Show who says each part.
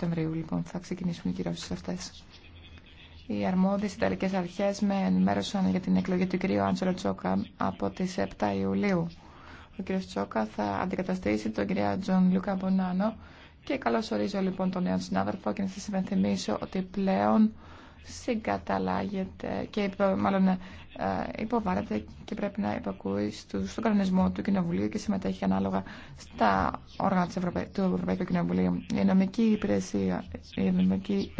Speaker 1: Σεπτεμβρίου λοιπόν θα ξεκινήσουν οι κυρώσεις αυτέ. Οι αρμόδιε Ιταλικέ αρχέ με ενημέρωσαν για την εκλογή του κυρίου Άντζελο Τσόκα από τι 7 Ιουλίου. Ο κύριο Τσόκα θα αντικαταστήσει τον κυρία Τζον Λούκα Μπονάνο και καλώ ορίζω λοιπόν τον νέο συνάδελφο και να σα υπενθυμίσω ότι πλέον συγκαταλάγεται και μάλλον ε, υποβάλλεται και πρέπει να υπακούει στον κανονισμό του Κοινοβουλίου και συμμετέχει ανάλογα στα όργανα του Ευρωπαϊκού Κοινοβουλίου. Η νομική
Speaker 2: υπηρεσία, η νομική